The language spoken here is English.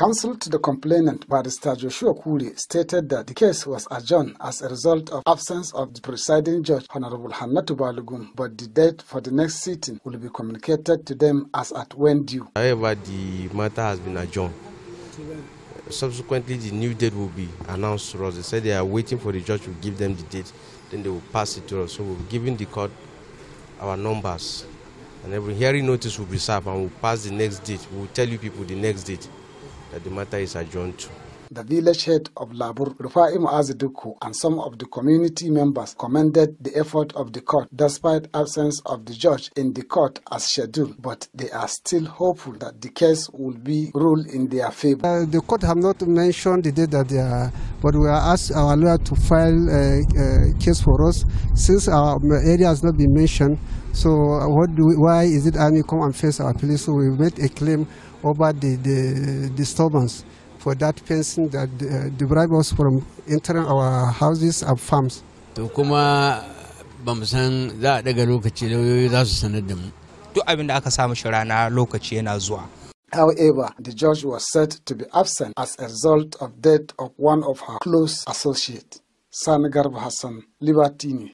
Counsel to the complainant, Barrister Joshua Kuli, stated that the case was adjourned as a result of absence of the presiding judge, Honorable Hannatu Balugum, but the date for the next sitting will be communicated to them as at when due. However, the matter has been adjourned. Subsequently, the new date will be announced to us. They said they are waiting for the judge to give them the date, then they will pass it to us. So we've given the court our numbers, and every hearing notice will be served, and we'll pass the next date. We'll tell you people the next date that the matter is adjourned to. The village head of Labur, Rufai Muaziduku, and some of the community members commended the effort of the court despite absence of the judge in the court as scheduled, but they are still hopeful that the case will be ruled in their favor. Uh, the court have not mentioned the date that they are but we are asked our lawyer to file a, a, case for us since our area has not been mentioned. So what we, why is it army come and face our police? So we made a claim over the, the disturbance for that fencing that uh, deprived us from entering our houses and farms. To kuma za daga lokaci lauyoyi za su sanar da mu. Duk abin da aka samu shi rana lokaci yana zuwa. However, the judge was said to be absent as a result of death of one of her close associates, San Garba Hassan Libertini.